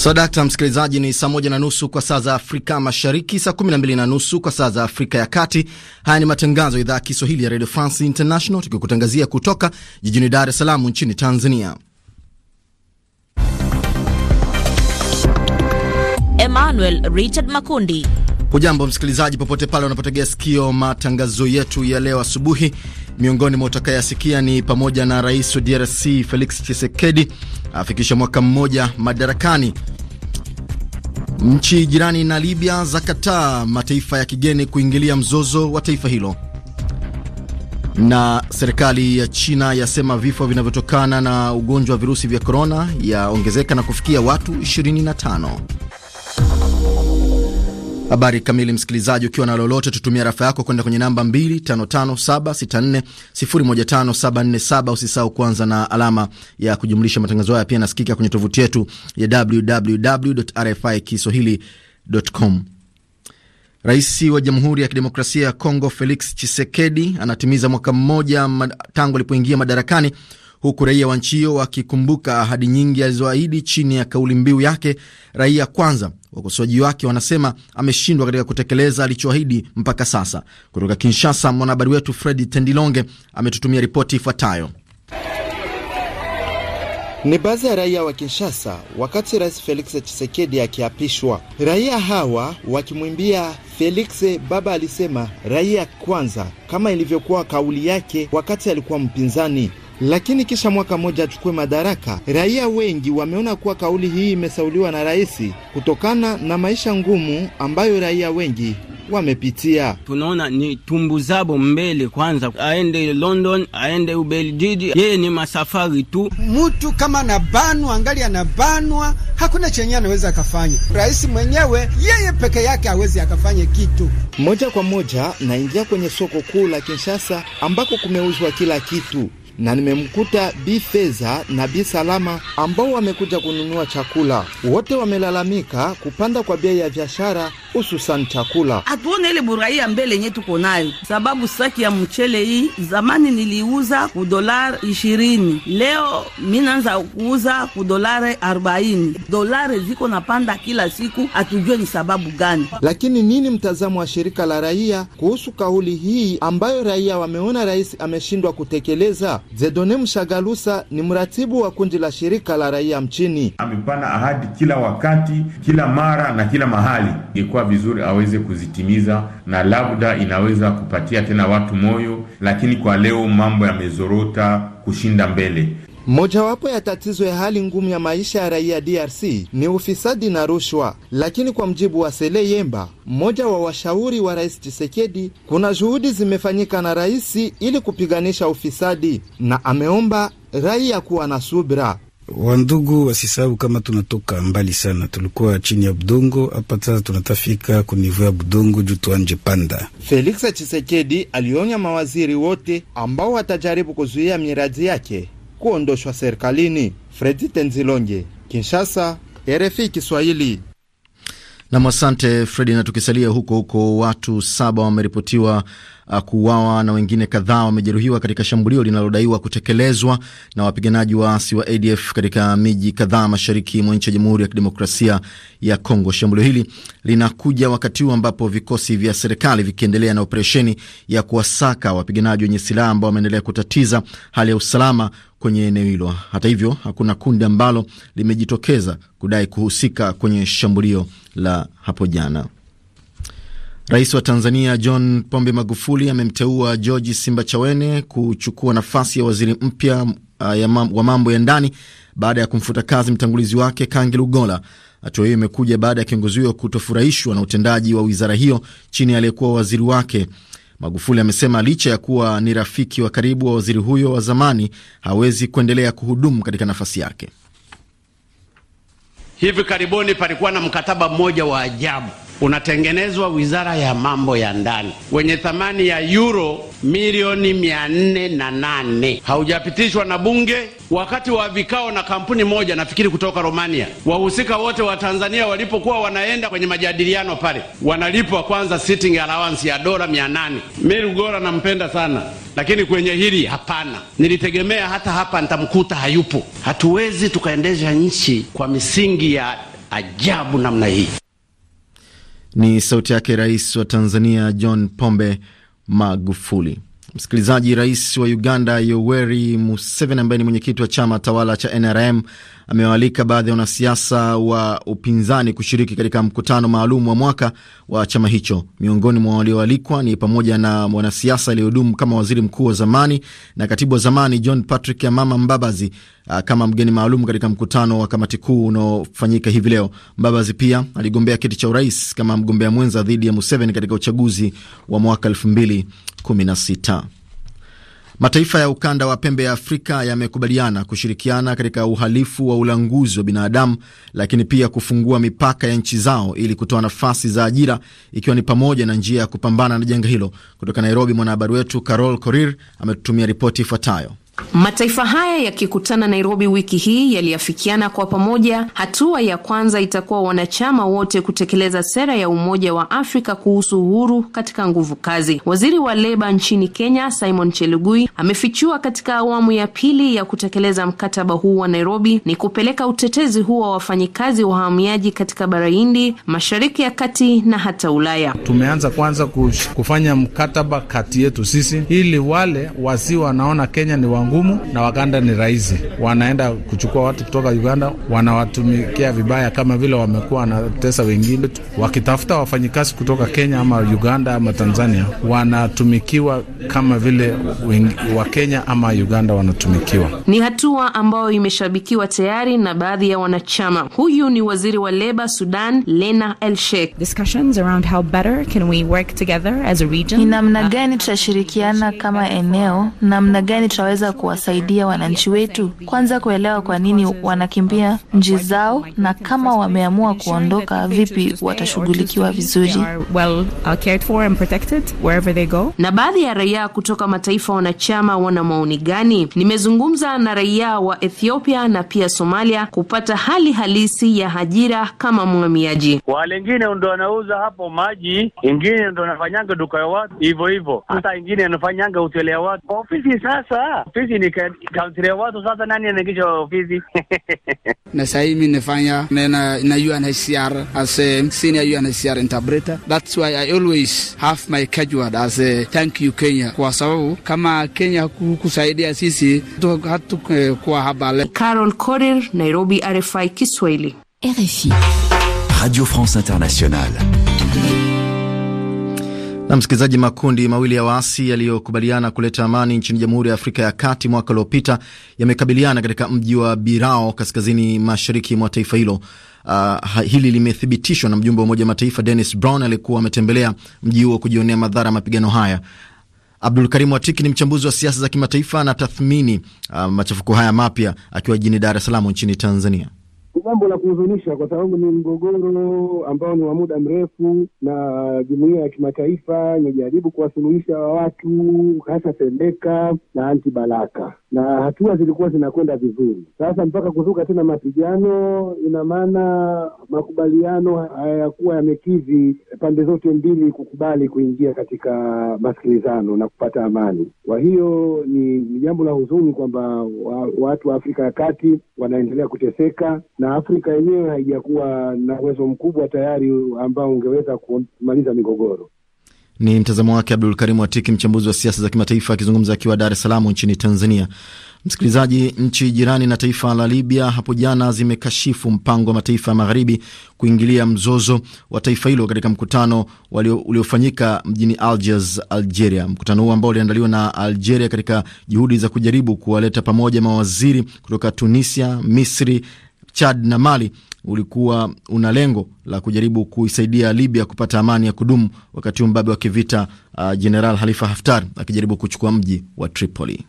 Swadakta msikilizaji, ni saa moja na nusu kwa saa za Afrika Mashariki, saa kumi na mbili na nusu kwa saa za Afrika ya Kati. Haya ni matangazo ya idhaa ya Kiswahili ya Radio France International, tukikutangazia kutoka jijini Dar es Salaam nchini Tanzania. Emmanuel Richard Makundi. Hujambo msikilizaji, popote pale unapotegea sikio matangazo yetu ya leo asubuhi. Miongoni mwa utakayasikia ni pamoja na rais wa DRC Felix Tshisekedi afikisha mwaka mmoja madarakani. Nchi jirani na Libya zakataa mataifa ya kigeni kuingilia mzozo wa taifa hilo, na serikali ya China yasema vifo vinavyotokana na ugonjwa wa virusi vya korona yaongezeka na kufikia watu 25. Habari kamili, msikilizaji, ukiwa na lolote, tutumia rafa yako kwenda kwenye namba 255764015747. Usisahau kwanza na alama ya kujumlisha. Matangazo haya pia nasikika kwenye tovuti yetu ya www.rfikiswahili.com. Rais wa Jamhuri ya Kidemokrasia ya Kongo Felix Tshisekedi anatimiza mwaka mmoja tangu alipoingia madarakani huku raia wa nchi hiyo wakikumbuka ahadi nyingi alizoahidi chini ya kauli mbiu yake raia kwanza. Wakosoaji wake wanasema ameshindwa katika kutekeleza alichoahidi mpaka sasa. Kutoka Kinshasa, mwanahabari wetu Fredi Tendilonge ametutumia ripoti ifuatayo. Ni baadhi ya raia wa Kinshasa wakati Rais Felix chisekedi akiapishwa. Raia hawa wakimwimbia Felix baba alisema raia kwanza, kama ilivyokuwa kauli yake wakati alikuwa mpinzani lakini kisha mwaka mmoja achukue madaraka. Raia wengi wameona kuwa kauli hii imesauliwa na rais kutokana na maisha ngumu ambayo raia wengi wamepitia. Tunaona ni tumbu zabo mbele, kwanza aende London, aende Ubelgiji, yeye ni masafari tu. Mtu kama anabanwa, angali anabanwa, hakuna chenye anaweza akafanya. Rais mwenyewe yeye peke yake awezi akafanye kitu. Moja kwa moja naingia kwenye soko kuu la Kinshasa ambako kumeuzwa kila kitu na nimemkuta Bi na Bi Salama ambao wamekuja kununua chakula. Wote wamelalamika kupanda kwa bei ya biashara hususani chakula. Hatuone ile ya mbele yenye tuko nayo, sababu saki ya mchele hii zamani niliuza ku dolari ishirini, leo mi naanza kuuza ku dolari arobaini. dolare ziko napanda kila siku, hatujue ni sababu gani. Lakini nini mtazamo wa shirika la raia kuhusu kauli hii ambayo raia wameona rais ameshindwa kutekeleza? Zedone Mshagalusa ni mratibu wa kundi la shirika la raia mchini. Amepana ahadi kila wakati, kila mara na kila mahali Ikwa itakuwa vizuri aweze kuzitimiza, na labda inaweza kupatia tena watu moyo, lakini kwa leo mambo yamezorota kushinda mbele. Mojawapo ya tatizo ya hali ngumu ya maisha ya raia DRC ni ufisadi na rushwa, lakini kwa mjibu wa Sele Yemba, mmoja wa washauri wa Rais chisekedi kuna juhudi zimefanyika na rais ili kupiganisha ufisadi, na ameomba raia kuwa na subira. Wandugu, wasisahau kama tunatoka mbali sana, tulikuwa chini ya budongo, hapa sasa tunatafika kunivua ya budongo juu tuanje panda. Felix chisekedi alionya mawaziri wote ambao watajaribu kuzuia miradi yake kuondoshwa serikalini. Fredi Tenzilonge, Kinshasa, RFI Kiswahili. Nam, asante Fredi. Na tukisalia huko huko, watu saba wameripotiwa uh, kuuawa na wengine kadhaa wamejeruhiwa katika shambulio linalodaiwa kutekelezwa na wapiganaji waasi wa ADF katika miji kadhaa mashariki mwa nchi ya Jamhuri ya Kidemokrasia ya Kongo. Shambulio hili linakuja wakati huu ambapo vikosi vya serikali vikiendelea na operesheni ya kuwasaka wapiganaji wenye silaha ambao wameendelea kutatiza hali ya usalama kwenye eneo hilo. Hata hivyo, hakuna kundi ambalo limejitokeza kudai kuhusika kwenye shambulio la hapo jana. Rais wa Tanzania John Pombe Magufuli amemteua George Simbachawene kuchukua nafasi ya waziri mpya uh, wa mambo ya ndani baada ya kumfuta kazi mtangulizi wake Kangi Lugola. Hatua hiyo imekuja baada ya kiongozi huyo kutofurahishwa na utendaji wa wizara hiyo chini ya aliyekuwa waziri wake Magufuli amesema licha ya kuwa ni rafiki wa karibu wa waziri huyo wa zamani, hawezi kuendelea kuhudumu katika nafasi yake. Hivi karibuni palikuwa na mkataba mmoja wa ajabu unatengenezwa wizara ya mambo ya ndani wenye thamani ya euro milioni mia nne na nane haujapitishwa na bunge wakati wa vikao na kampuni moja nafikiri kutoka Romania. Wahusika wote wa Tanzania walipokuwa wanaenda kwenye majadiliano pale, wanalipwa kwanza sitting allowance ya dola mia nane. Mi Lugora nampenda sana, lakini kwenye hili hapana. Nilitegemea hata hapa nitamkuta, hayupo. Hatuwezi tukaendesha nchi kwa misingi ya ajabu namna hii. Ni sauti yake Rais wa Tanzania John Pombe Magufuli. Msikilizaji, Rais wa Uganda Yoweri Museveni ambaye ni mwenyekiti wa chama tawala cha NRM amewaalika baadhi ya wanasiasa wa upinzani kushiriki katika mkutano maalum wa mwaka wa chama hicho. Miongoni mwa walioalikwa ni pamoja na mwanasiasa aliyehudumu kama waziri mkuu wa zamani na katibu wa zamani John Patrick Amama Mbabazi Ah, kama mgeni maalum katika mkutano wa kamati kuu unaofanyika hivi leo. Mbabazi pia aligombea kiti cha urais kama mgombea mwenza dhidi ya Museveni katika uchaguzi wa mwaka 2016. Mataifa ya ukanda wa pembe ya Afrika yamekubaliana kushirikiana katika uhalifu wa ulanguzi wa binadamu, lakini pia kufungua mipaka ya nchi zao ili kutoa nafasi za ajira, ikiwa ni pamoja na njia ya kupambana na janga hilo. Kutoka Nairobi, mwanahabari wetu Carol Korir ametutumia ripoti ifuatayo. Mataifa haya yakikutana Nairobi wiki hii yaliafikiana kwa pamoja, hatua ya kwanza itakuwa wanachama wote kutekeleza sera ya Umoja wa Afrika kuhusu uhuru katika nguvu kazi. Waziri wa leba nchini Kenya Simon Chelugui amefichua katika awamu ya pili ya kutekeleza mkataba huu wa Nairobi ni kupeleka utetezi huo wa wafanyikazi wahamiaji katika bara Hindi, Mashariki ya Kati na hata Ulaya. Tumeanza kwanza kufanya mkataba kati yetu sisi, ili wale wasi wanaona Kenya ni wangu ngumu na Waganda ni rahisi, wanaenda kuchukua watu kutoka Uganda, wanawatumikia vibaya, kama vile wamekuwa wanatesa wengine. Wakitafuta wafanyikazi kutoka Kenya ama Uganda ama Tanzania, wanatumikiwa kama vile wa Kenya ama Uganda wanatumikiwa. Ni hatua ambayo imeshabikiwa tayari na baadhi ya wanachama. Huyu ni waziri wa leba Sudan, Lena El Sheikh. Discussions around how better can we work together as a region. Ni namna gani tutashirikiana kama eneo, namna gani tutaweza kuwasaidia wananchi wetu kwanza kuelewa kwa nini wanakimbia nchi zao, na kama wameamua kuondoka, vipi watashughulikiwa vizuri. Uh, na baadhi ya raia kutoka mataifa wanachama wana maoni gani? Nimezungumza na raia wa Ethiopia na pia Somalia kupata hali halisi ya ajira kama mhamiaji. Wale ingine ndo wanauza hapo maji, ingine ndo anafanyanga duka ya watu hivyo hivyo, hata ingine anafanyanga hoteli ya watu ofisi sasa ofisi ni kaunsilia watu sasa, nani anaingisha ofisi? na sasa mi nafanya na na UNHCR as a senior UNHCR interpreter, that's why I always have my keyword as a thank you Kenya, kwa sababu kama Kenya kukusaidia sisi hatukuwa habari. Carol Korir, Nairobi, RFI Kiswahili. RFI Radio France Internationale. Na msikilizaji, makundi mawili ya waasi yaliyokubaliana kuleta amani nchini Jamhuri ya Afrika ya Kati mwaka uliopita yamekabiliana katika mji wa Birao kaskazini mashariki mwa taifa hilo. Uh, hili limethibitishwa na mjumbe wa Umoja wa Mataifa Dennis Brown aliyekuwa ametembelea mji huo kujionea madhara ya mapigano haya. Abdul karimu Watiki ni mchambuzi wa siasa za kimataifa na tathmini uh, machafuko haya mapya akiwa jijini Dar es Salaam nchini Tanzania ni jambo la kuhuzunisha kwa sababu ni mgogoro ambao ni wa muda mrefu, na jumuia ya kimataifa imejaribu kuwasuluhisha wa watu hasa sendeka na Anti baraka na hatua zilikuwa zinakwenda vizuri. Sasa mpaka kuzuka tena mapigano, ina maana makubaliano hayakuwa yamekidhi pande zote mbili kukubali kuingia katika masikilizano na kupata amani. Kwa hiyo ni jambo la huzuni kwamba wa, watu wa Afrika ya Kati wanaendelea kuteseka na na Afrika yenyewe haijakuwa na uwezo mkubwa tayari ambao ungeweza kumaliza migogoro. Ni mtazamo wake Abdul Karim Atiki, mchambuzi wa siasa za kimataifa, akizungumza akiwa Dar es Salaam nchini Tanzania. Msikilizaji, nchi jirani na taifa la Libya hapo jana zimekashifu mpango wa mataifa ya magharibi kuingilia mzozo wa taifa hilo katika mkutano uliofanyika mjini Algiers, Algeria. Mkutano huo ambao uliandaliwa na Algeria katika juhudi za kujaribu kuwaleta pamoja mawaziri kutoka Tunisia, Misri Chad na Mali ulikuwa una lengo la kujaribu kuisaidia Libya kupata amani ya kudumu, wakati huu mbabe wa kivita Jeneral uh, Halifa Haftar akijaribu kuchukua mji wa Tripoli.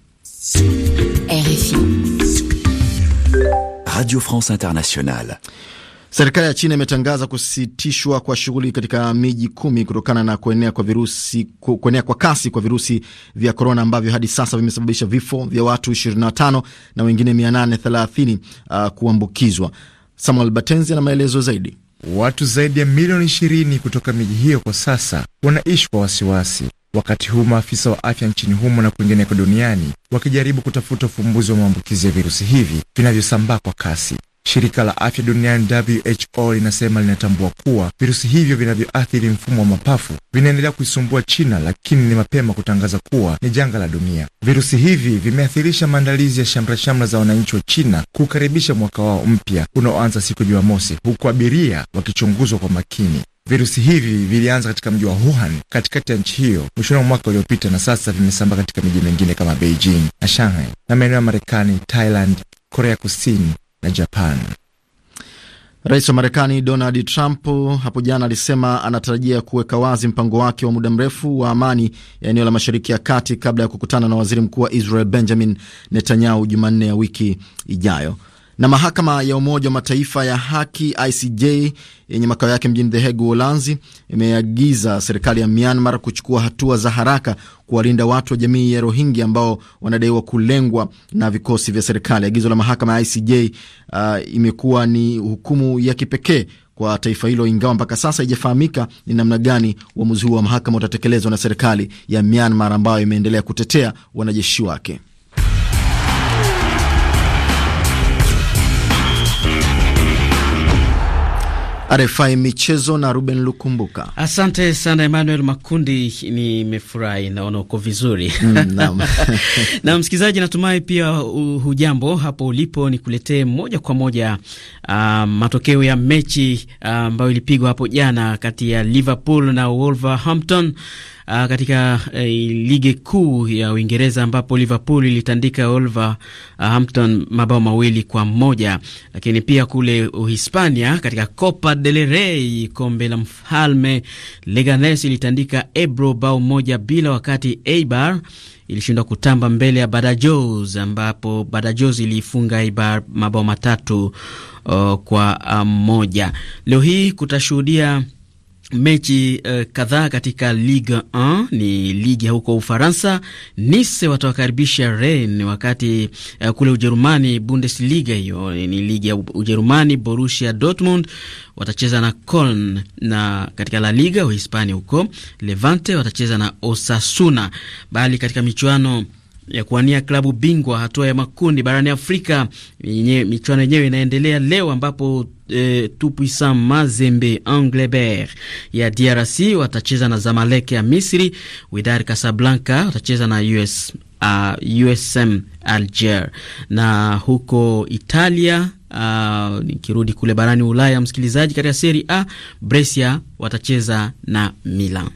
RFI Radio France Internationale. Serikali ya China imetangaza kusitishwa kwa shughuli katika miji kumi kutokana na kuenea kwa virusi, kuenea kwa kasi kwa virusi vya korona ambavyo hadi sasa vimesababisha vifo vya watu 25 na wengine 830 uh, kuambukizwa. Samuel Batenzi ana maelezo zaidi. Watu zaidi ya milioni 20 kutoka miji hiyo kwa sasa wanaishi kwa wasiwasi, wakati huu maafisa wa afya nchini humo na kwingineko duniani wakijaribu kutafuta ufumbuzi wa maambukizi ya virusi hivi vinavyosambaa kwa kasi. Shirika la afya duniani WHO linasema linatambua kuwa virusi hivyo vinavyoathiri mfumo wa mapafu vinaendelea kuisumbua China, lakini ni mapema kutangaza kuwa ni janga la dunia. Virusi hivi vimeathirisha maandalizi ya shamrashamra za wananchi wa China kukaribisha mwaka wao mpya unaoanza siku ya Jumamosi, huku abiria wakichunguzwa kwa makini. Virusi hivi vilianza katika mji wa Wuhan katikati ya nchi hiyo mwishoni mwa mwaka uliopita na sasa vimesambaa katika miji mingine kama Beijing na Shanghai na maeneo ya Marekani, Thailand, Korea Kusini, na Japan. Rais wa Marekani Donald Trump hapo jana alisema anatarajia kuweka wazi mpango wake wa muda mrefu wa amani ya eneo la Mashariki ya Kati kabla ya kukutana na waziri mkuu wa Israel Benjamin Netanyahu Jumanne ya wiki ijayo. Na mahakama ya Umoja wa Mataifa ya haki ICJ yenye makao yake mjini The Hague, Uholanzi, imeagiza serikali ya Myanmar kuchukua hatua za haraka kuwalinda watu wa jamii ya Rohingya ambao wanadaiwa kulengwa na vikosi vya serikali. Agizo la mahakama ya ICJ uh, imekuwa ni hukumu ya kipekee kwa taifa hilo, ingawa mpaka sasa haijafahamika ni namna gani uamuzi huo wa mahakama utatekelezwa na serikali ya Myanmar ambayo imeendelea kutetea wanajeshi wake. RFI Michezo na Ruben Lukumbuka. Asante sana Emmanuel Makundi, nimefurahi, naona uko vizuri mm, na msikilizaji, natumai pia hujambo hapo ulipo. Nikuletee moja kwa moja uh, matokeo ya mechi ah, ambayo uh, ilipigwa hapo jana kati ya Liverpool na Wolverhampton uh, katika uh, ligi kuu ya Uingereza ambapo Liverpool ilitandika Wolverhampton ah, mabao mawili kwa moja. Lakini pia kule Uhispania katika Copa del Rey, kombe la mfalme, Leganes ilitandika Ebro bao moja bila, wakati Eibar ilishindwa kutamba mbele ya Badajoz ambapo Badajoz iliifunga Eibar mabao matatu uh, kwa uh, moja. Leo hii kutashuhudia mechi uh, kadhaa katika Ligue 1 ni ligi ya huko Ufaransa. Nice watawakaribisha Rennes, wakati uh, kule Ujerumani Bundesliga, hiyo ni ligi ya Ujerumani, Borussia Dortmund watacheza na Coln, na katika La Liga Uhispania huko Levante watacheza na Osasuna, bali katika michuano ya kuwania klabu bingwa hatua ya makundi barani Afrika. Michuano yenyewe inaendelea leo ambapo e, eh, Tupuisan Mazembe Anglebert ya DRC watacheza na Zamalek ya Misri. Widar Casablanca watacheza na US, uh, USM Alger na huko Italia Uh, nikirudi kule barani Ulaya, msikilizaji, katika Serie A Brescia watacheza na Milan.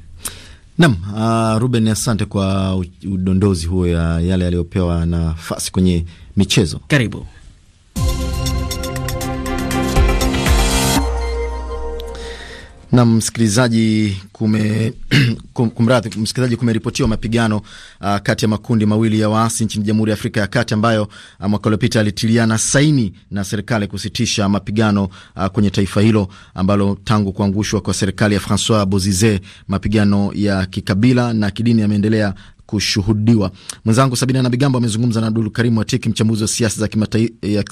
Nam uh, Ruben, asante kwa udondozi huo ya yale yaliyopewa nafasi kwenye michezo. Karibu. Na msikilizaji kume, kumradhi msikilizaji, kumeripotiwa mapigano uh, kati ya makundi mawili ya waasi nchini Jamhuri ya Afrika ya Kati ambayo uh, mwaka uliopita alitiliana saini na serikali kusitisha mapigano uh, kwenye taifa hilo ambalo tangu kuangushwa kwa serikali ya Francois Bozize mapigano ya kikabila na kidini yameendelea kushuhudiwa. Mwenzangu Sabina na Bigambo amezungumza na Abdul Karimu watiki mchambuzi wa siasa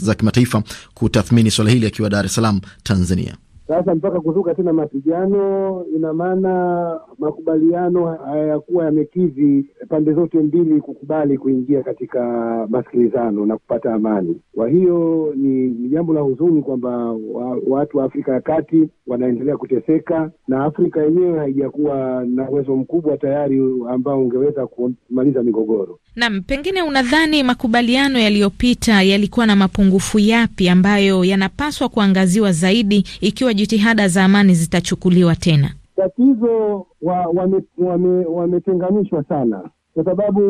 za kimataifa, kutathmini swala hili akiwa Dar es Salaam, Tanzania. Sasa mpaka kuzuka tena mapigano, ina maana makubaliano hayakuwa yamekidhi pande zote mbili kukubali kuingia katika masikilizano na kupata amani. Kwa hiyo ni jambo la huzuni kwamba wa, watu wa Afrika ya Kati wanaendelea kuteseka na Afrika yenyewe haijakuwa na uwezo mkubwa tayari ambao ungeweza kumaliza migogoro. Naam, pengine unadhani makubaliano yaliyopita yalikuwa na mapungufu yapi ambayo yanapaswa kuangaziwa zaidi ikiwa jitihada za amani zitachukuliwa tena? Tatizo wametenganishwa wa, wa, wa sana kwa sababu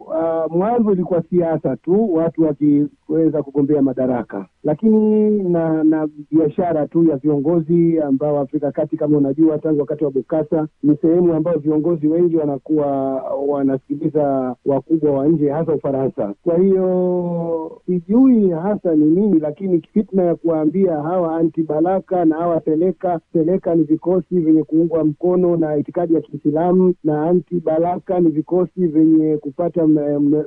uh, mwanzo ilikuwa siasa tu, watu wakiweza kugombea madaraka lakini na na biashara tu ya viongozi ambao Afrika Kati, kama unajua, tangu wakati wa bokasa ni sehemu ambayo viongozi wengi wanakuwa wanasikiliza wakubwa wa nje, hasa Ufaransa. Kwa hiyo sijui hasa ni nini, lakini fitna ya kuwaambia hawa anti balaka na hawa seleka seleka ni vikosi vyenye kuungwa mkono na itikadi ya Kiislamu na anti balaka ni vikosi vyenye kupata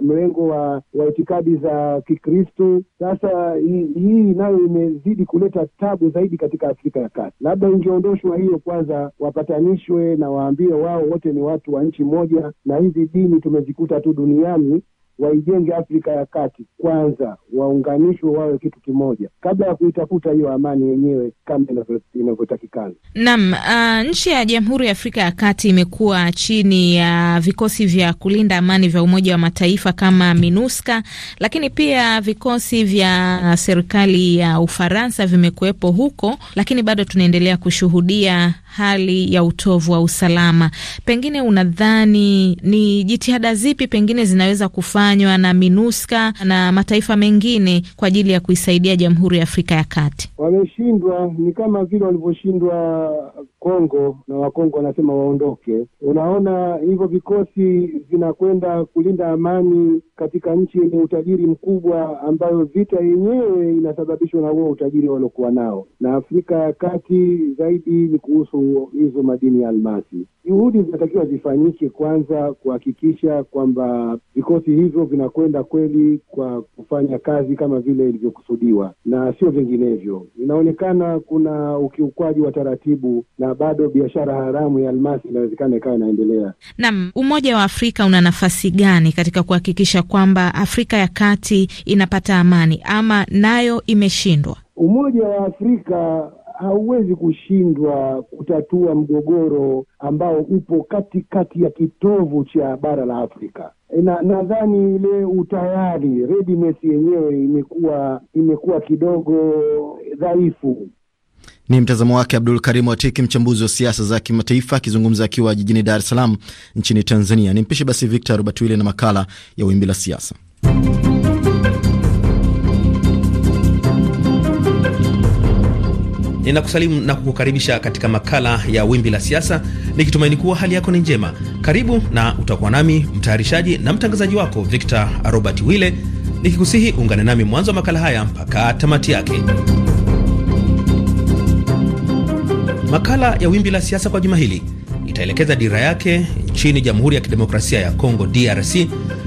mrengo wa, wa itikadi za Kikristu. Sasa hii hii nayo imezidi kuleta tabu zaidi katika Afrika ya Kati. Labda ingeondoshwa hiyo kwanza, wapatanishwe na waambie wao wote ni watu wa nchi moja, na hizi dini tumezikuta tu duniani waijenge Afrika ya Kati kwanza, waunganishwe wawe kitu kimoja kabla ya kuitafuta hiyo amani yenyewe kama inavyotakikana. Naam. Uh, nchi ya Jamhuri ya Afrika ya Kati imekuwa chini ya uh, vikosi vya kulinda amani vya Umoja wa Mataifa kama minuska lakini pia vikosi vya uh, serikali ya uh, Ufaransa vimekuwepo huko, lakini bado tunaendelea kushuhudia hali ya utovu wa usalama. Pengine unadhani ni jitihada zipi pengine zinaweza kufa yanayofanywa na minuska na mataifa mengine kwa ajili ya kuisaidia Jamhuri ya Afrika ya Kati? Wameshindwa, ni kama vile walivyoshindwa Kongo na Wakongo wanasema waondoke. Unaona hivyo vikosi vinakwenda kulinda amani katika nchi yenye utajiri mkubwa, ambayo vita yenyewe inasababishwa na huo utajiri waliokuwa nao, na Afrika ya Kati zaidi ni kuhusu hizo madini ya almasi. Juhudi zinatakiwa zifanyike kwanza kuhakikisha kwamba vikosi hivyo vinakwenda kweli kwa kufanya kazi kama vile ilivyokusudiwa na sio vinginevyo. Inaonekana kuna ukiukwaji wa taratibu na bado biashara haramu ya almasi inawezekana ikawa inaendelea. Naam, Umoja wa Afrika una nafasi gani katika kuhakikisha kwamba Afrika ya Kati inapata amani ama nayo imeshindwa? Umoja wa Afrika hauwezi kushindwa kutatua mgogoro ambao upo katikati ya kitovu cha bara la Afrika na nadhani ile utayari readiness yenyewe imekuwa imekuwa kidogo dhaifu. Ni mtazamo wake Abdul Karimu Atiki, mchambuzi wa siasa za kimataifa, akizungumza akiwa jijini Dar es Salaam nchini Tanzania. Ni mpishe basi Victor Robert wille na makala ya Wimbi la Siasa. Ninakusalimu na kukukaribisha katika makala ya Wimbi la Siasa, nikitumaini kuwa hali yako ni njema. Karibu na utakuwa nami mtayarishaji na mtangazaji wako Victor Robert wille nikikusihi uungane nami mwanzo wa makala haya mpaka tamati yake. Makala ya Wimbi la Siasa kwa juma hili itaelekeza dira yake nchini Jamhuri ya Kidemokrasia ya Kongo, DRC,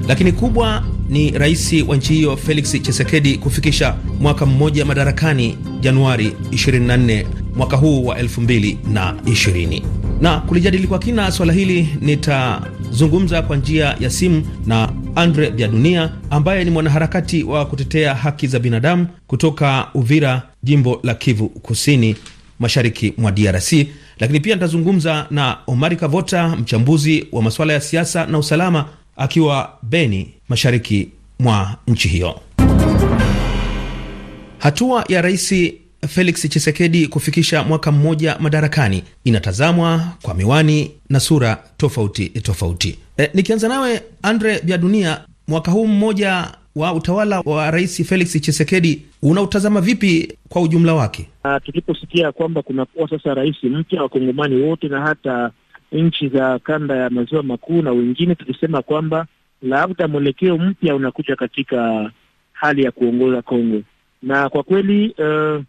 lakini kubwa ni rais wa nchi hiyo Felix Chisekedi kufikisha mwaka mmoja madarakani Januari 24 mwaka huu wa 2020. Na kulijadili kwa kina swala hili nitazungumza kwa njia ya simu na Andre Dunia ambaye ni mwanaharakati wa kutetea haki za binadamu kutoka Uvira, jimbo la Kivu Kusini mashariki mwa DRC. Lakini pia nitazungumza na Omari Kavota, mchambuzi wa masuala ya siasa na usalama, akiwa Beni, mashariki mwa nchi hiyo. Hatua ya rais Felix Chisekedi kufikisha mwaka mmoja madarakani inatazamwa kwa miwani na sura tofauti tofauti. E, nikianza nawe Andre Bia Dunia, mwaka huu mmoja wa utawala wa Rais Felix Chisekedi unautazama vipi kwa ujumla wake? Tuliposikia kwamba kunakuwa sasa rais mpya, wakongomani wote na hata nchi za kanda ya maziwa makuu na wengine tukisema kwamba labda mwelekeo mpya unakuja katika hali ya kuongoza Kongo, na kwa kweli uh,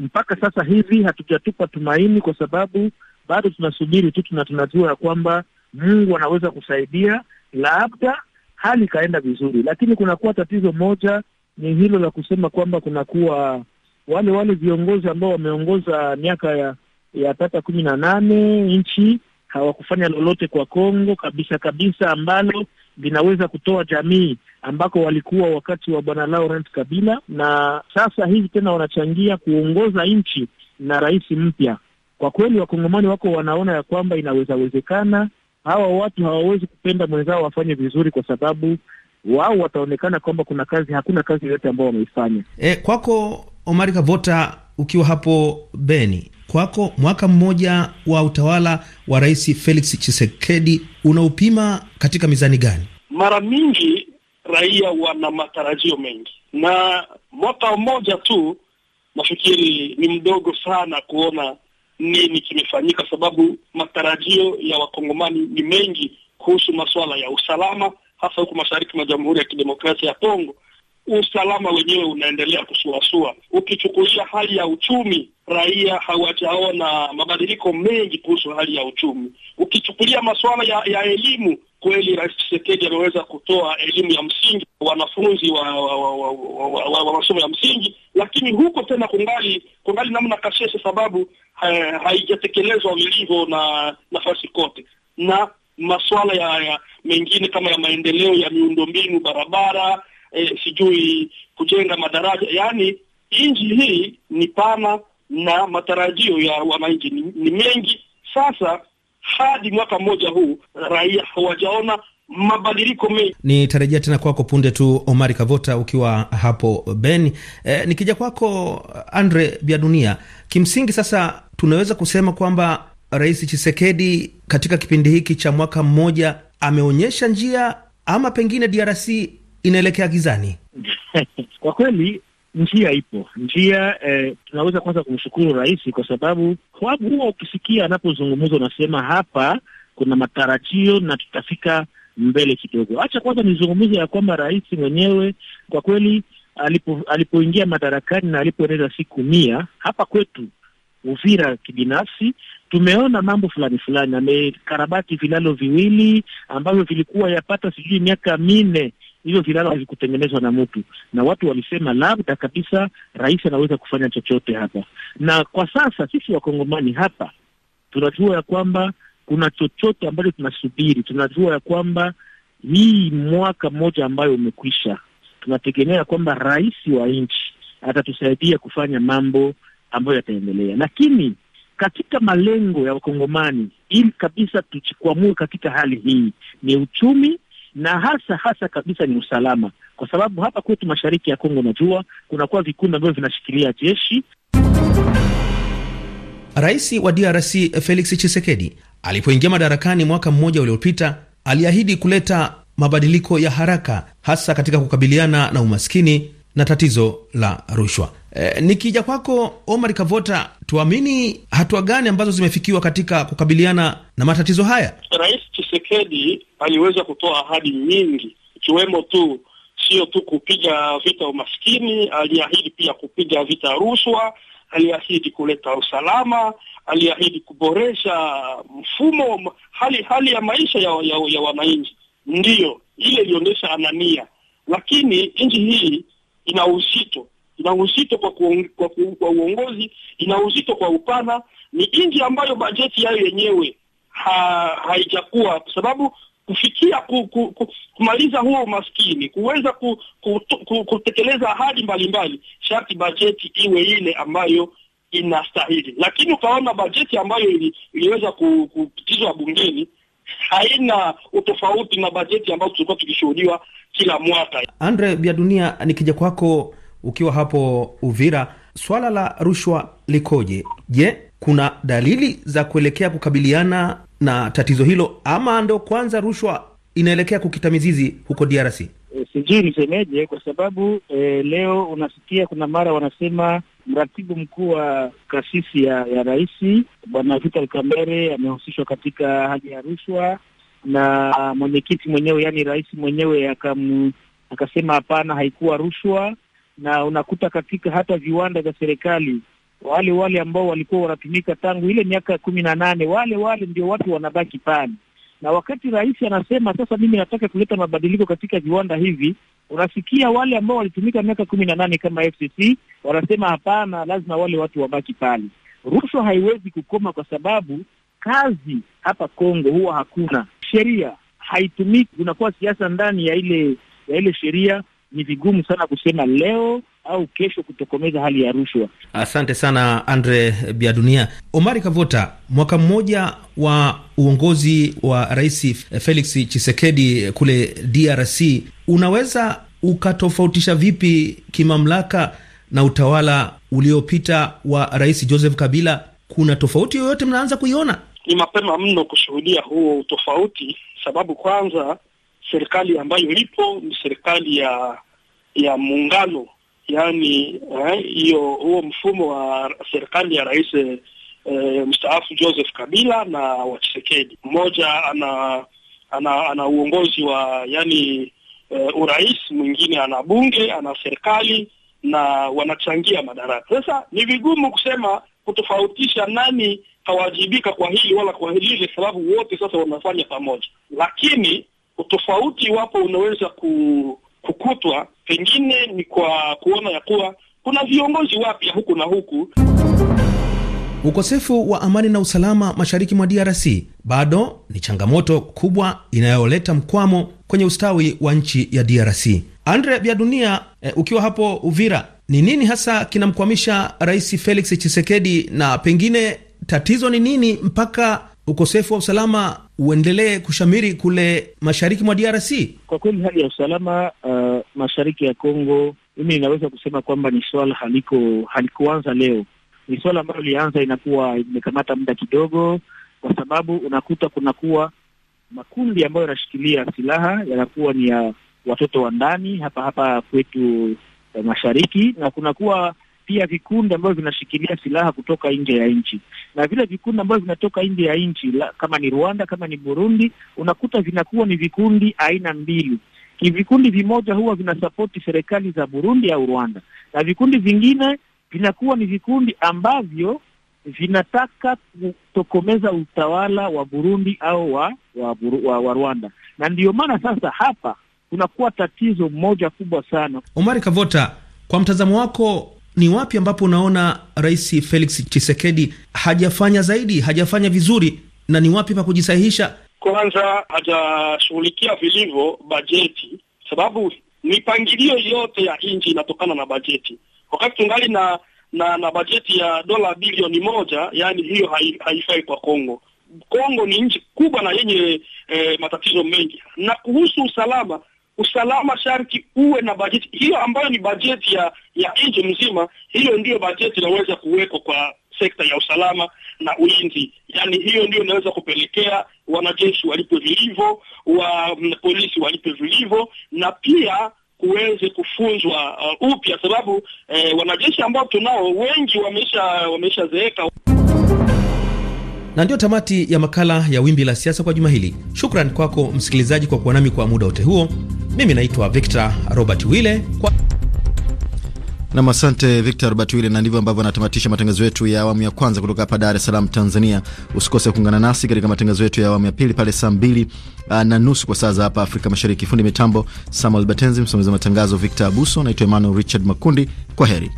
mpaka sasa hivi hatujatupa tumaini, kwa sababu bado tunasubiri tu, tunajua ya kwamba Mungu anaweza kusaidia labda hali ikaenda vizuri, lakini kunakuwa tatizo moja, ni hilo la kusema kwamba kunakuwa wale wale viongozi ambao wameongoza miaka ya ya tata kumi na nane nchi hawakufanya lolote kwa Kongo kabisa kabisa, ambalo linaweza kutoa jamii ambako walikuwa wakati wa bwana Laurent Kabila, na sasa hivi tena wanachangia kuongoza nchi na rais mpya. Kwa kweli, wakongomani wako wanaona ya kwamba inawezawezekana hawa watu hawawezi kupenda mwenzao wafanye vizuri, kwa sababu wao wataonekana kwamba kuna kazi, hakuna kazi yoyote ambao wameifanya. E, kwako Omari Kavota, ukiwa hapo Beni, kwako mwaka mmoja wa utawala wa Rais Felix chisekedi unaupima katika mizani gani? Mara mingi raia wana matarajio mengi, na mwaka mmoja tu nafikiri ni mdogo sana kuona nini kimefanyika, sababu matarajio ya wakongomani ni mengi kuhusu masuala ya usalama, hasa huko mashariki mwa Jamhuri ya Kidemokrasia ya Kongo. Usalama wenyewe unaendelea kusuasua. Ukichukulia hali ya uchumi, raia hawajaona mabadiliko mengi kuhusu hali ya uchumi. Ukichukulia masuala ya, ya elimu, kweli Rais Tshisekedi ameweza kutoa elimu ya msingi wanafunzi wa, wa, wa, wa, wa, wa, wa masomo ya msingi lakini huko tena kungali kungali namna kasheshe, sababu eh, haijatekelezwa vilivyo na nafasi kote, na masuala ya, ya mengine kama ya maendeleo ya miundombinu barabara, eh, sijui kujenga madaraja. Yaani nchi hii ni pana na matarajio ya wananchi ni, ni mengi. Sasa hadi mwaka mmoja huu raia hawajaona mabadiliko mengi. Nitarejea tena kwako punde tu, Omari Kavota, ukiwa hapo Beni. E, nikija kwako Andre dunia kimsingi sasa tunaweza kusema kwamba Rais Chisekedi katika kipindi hiki cha mwaka mmoja ameonyesha njia ama pengine DRC inaelekea gizani? Kwa kweli njia ipo, njia eh, tunaweza kwanza kumshukuru rais kwa sababu huwa ukisikia anapozungumza unasema hapa kuna matarajio na tutafika mbele kidogo. Acha kwanza nizungumze ya kwamba rais mwenyewe kwa kweli alipo, alipoingia madarakani na alipoeneza siku mia hapa kwetu Uvira kibinafsi tumeona mambo fulani fulani, amekarabati vilalo viwili ambavyo vilikuwa yapata sijui miaka minne, hivyo vilalo havikutengenezwa na mtu, na watu walisema labda kabisa rais anaweza kufanya chochote hapa. Na kwa sasa sisi wakongomani hapa tunajua ya kwamba kuna chochote ambacho tunasubiri. Tunajua ya kwamba hii mwaka mmoja ambayo umekwisha, tunategemea ya kwamba rais wa nchi atatusaidia kufanya mambo ambayo yataendelea, lakini katika malengo ya Wakongomani ili kabisa tujikwamue katika hali hii ni uchumi na hasa hasa kabisa ni usalama, kwa sababu hapa kwetu mashariki ya Kongo najua kunakuwa vikundi ambavyo vinashikilia jeshi. Rais wa DRC Felix Tshisekedi Alipoingia madarakani mwaka mmoja uliopita, aliahidi kuleta mabadiliko ya haraka, hasa katika kukabiliana na umaskini na tatizo la rushwa. E, nikija kwako Omar Kavota, tuamini hatua gani ambazo zimefikiwa katika kukabiliana na matatizo haya? Rais chisekedi aliweza kutoa ahadi nyingi, ikiwemo tu sio tu kupiga vita umaskini, aliahidi pia kupiga vita rushwa aliahidi kuleta usalama, aliahidi kuboresha mfumo hali hali ya maisha ya, ya, ya wananchi. Ndiyo ile ilionyesha anania, lakini nchi hii ina uzito, ina uzito kwa, kuong, kwa, kwa uongozi, ina uzito kwa upana. Ni nchi ambayo bajeti yayo yenyewe ha, haijakuwa, kwa sababu kufikia ku, ku, ku, kumaliza huo umaskini, kuweza ku, ku, ku, kutekeleza ahadi mbalimbali, sharti bajeti iwe ile ambayo inastahili. Lakini ukaona bajeti ambayo ili, iliweza kupitizwa bungeni haina utofauti na bajeti ambazo tulikuwa tukishuhudiwa kila mwaka. Andre Bya Dunia, nikija kwako ukiwa hapo Uvira, swala la rushwa likoje? Je, kuna dalili za kuelekea kukabiliana na tatizo hilo, ama ndo kwanza rushwa inaelekea kukita mizizi huko DRC? E, eh, sijui nisemeje, kwa sababu e, leo unasikia kuna mara wanasema mratibu mkuu wa kasisi ya, ya rais bwana Vital Kamerhe amehusishwa katika hali ya rushwa, na mwenyekiti mwenyewe yani rais mwenyewe akam, akasema hapana, haikuwa rushwa, na unakuta katika hata viwanda vya serikali wale wale ambao walikuwa wanatumika tangu ile miaka ya kumi na nane wale wale ndio watu wanabaki pale. Na wakati rais anasema sasa, mimi nataka kuleta mabadiliko katika viwanda hivi, unasikia wale ambao walitumika miaka kumi na nane kama FCC wanasema hapana, lazima wale watu wabaki pale. Rushwa haiwezi kukoma kwa sababu kazi hapa Kongo huwa hakuna sheria, haitumiki. Kunakuwa siasa ndani ya ile ya ile sheria. Ni vigumu sana kusema leo au kesho kutokomeza hali ya rushwa. Asante sana Andre Biadunia. Omari Kavota, mwaka mmoja wa uongozi wa Rais Felix Chisekedi kule DRC, unaweza ukatofautisha vipi kimamlaka na utawala uliopita wa Rais Joseph Kabila? Kuna tofauti yoyote mnaanza kuiona? Ni mapema mno kushuhudia huo utofauti, sababu kwanza serikali ambayo ipo ni serikali ya ya muungano yani eh, hiyo eh, huo mfumo wa serikali ya rais eh, mstaafu Joseph Kabila na wa Mmoja ana ana ana uongozi wa yani eh, urais, mwingine ana bunge, ana serikali na wanachangia madaraka. Sasa ni vigumu kusema kutofautisha nani kawajibika kwa hili wala kwa lile, sababu wote sasa wanafanya pamoja, lakini utofauti wapo unaweza ku kukutwa, pengine ni kwa kuona ya kuwa kuna viongozi wapya huku na huku. Ukosefu wa amani na usalama mashariki mwa DRC bado ni changamoto kubwa inayoleta mkwamo kwenye ustawi wa nchi ya DRC. Andre vya dunia e, eh, ukiwa hapo Uvira, ni nini hasa kinamkwamisha Rais Felix Tshisekedi na pengine tatizo ni nini mpaka ukosefu wa usalama uendelee kushamiri kule mashariki mwa DRC? Kwa kweli hali ya usalama uh, mashariki ya Kongo, mimi inaweza kusema kwamba ni swala haliko halikuanza leo, ni swala ambalo lilianza, inakuwa imekamata muda kidogo, kwa sababu unakuta kunakuwa makundi ambayo yanashikilia silaha yanakuwa ni ya watoto wa ndani hapa hapa kwetu eh, mashariki na kunakuwa pia vikundi ambavyo vinashikilia silaha kutoka nje ya nchi, na vile vikundi ambavyo vinatoka nje ya nchi kama ni Rwanda, kama ni Burundi, unakuta vinakuwa ni vikundi aina mbili. Vikundi vimoja huwa vinasapoti serikali za Burundi au Rwanda, na vikundi vingine vinakuwa ni vikundi ambavyo vinataka kutokomeza utawala wa Burundi au wa, wa, wa, wa Rwanda, na ndiyo maana sasa hapa kunakuwa tatizo moja kubwa sana. Omari Kavota, kwa mtazamo wako ni wapi ambapo unaona Rais Felix chisekedi hajafanya zaidi, hajafanya vizuri, na ni wapi pa kujisahihisha? Kwanza hajashughulikia vilivyo bajeti, sababu mipangilio yote ya nchi inatokana na bajeti. Wakati tungali na na na bajeti ya dola bilioni moja, yani hiyo haifai kwa Kongo. Kongo ni nchi kubwa na yenye eh, matatizo mengi. Na kuhusu usalama usalama sharti uwe na bajeti hiyo ambayo ni bajeti ya ya nchi mzima. Hiyo ndiyo bajeti inaweza kuwekwa kwa sekta ya usalama na ulinzi, yaani hiyo ndio inaweza kupelekea wanajeshi walipe vilivyo, wa mm, polisi walipwe vilivyo, na pia kuweze kufunzwa uh, upya, sababu eh, wanajeshi ambao tunao wengi wamesha wameshazeeka na ndiyo tamati ya makala ya Wimbi la Siasa kwa juma hili. Shukran kwako msikilizaji kwa kuwa nami kwa muda wote huo. Mimi naitwa Victor Robert Wille kwa... Nam, asante Victor Robert wille Na ndivyo ambavyo anatamatisha matangazo yetu ya awamu ya kwanza kutoka hapa Dar es Salaam, Tanzania. Usikose kuungana nasi katika matangazo yetu ya awamu ya pili pale saa mbili uh, na nusu kwa saa za hapa Afrika Mashariki. Fundi mitambo Samuel Batenzi, msimamizi wa matangazo Victor Abuso. Naitwa Emmanuel Richard Makundi. Kwa heri.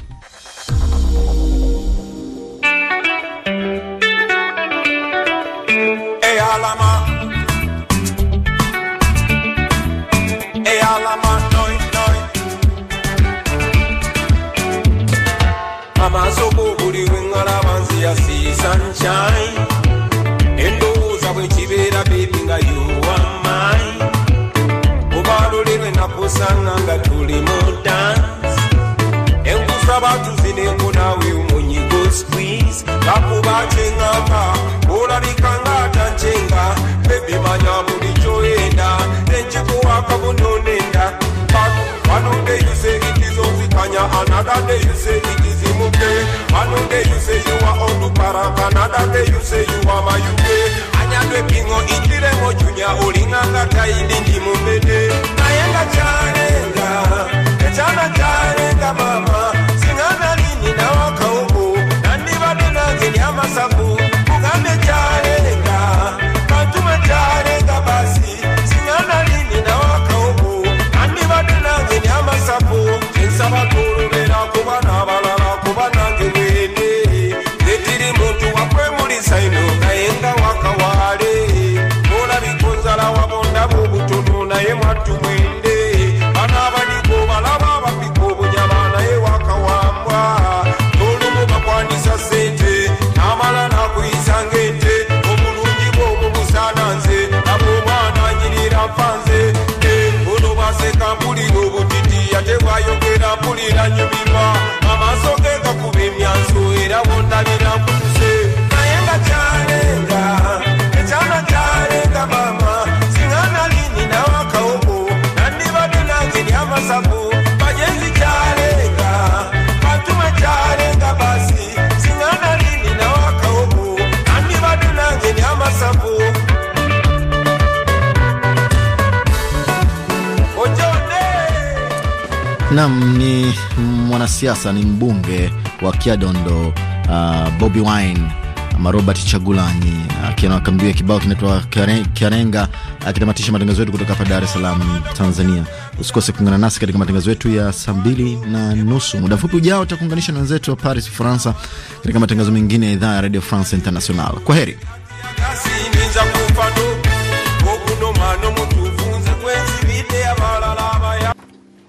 sunshine and those endowooza bwe kibeera beebi nga youwamai obalolere nakusanga nga tuli mu dansi enkusaba tuzineko naawe go squeeze Chenga, kakuba kyeŋŋamba olabika ng'atancenga beebi manya buli kyoyenda nenkikuwaka But One day you say it is Ovikanya, another day you say it is Imuke. One day you say onu paraba nada te you say you are my UK. Anya de pingo itire mo junya ulinga ngata indi mumbede. Na yenga chane nga, echana chane nga mama. kisiasa ni mbunge wa Kiadondo uh, Bobi Wine ama Robert Chagulanyi akiwa uh, na kibao kinaitwa Kiarenga, akitamatisha matangazo yetu kutoka hapa Dar es Salaam, Tanzania. Usikose kuungana nasi katika matangazo yetu ya saa mbili na nusu. Muda mfupi ujao utakuunganisha na wenzetu wa Paris, Ufaransa, katika matangazo mengine ya idhaa ya Radio France International. Kwa heri.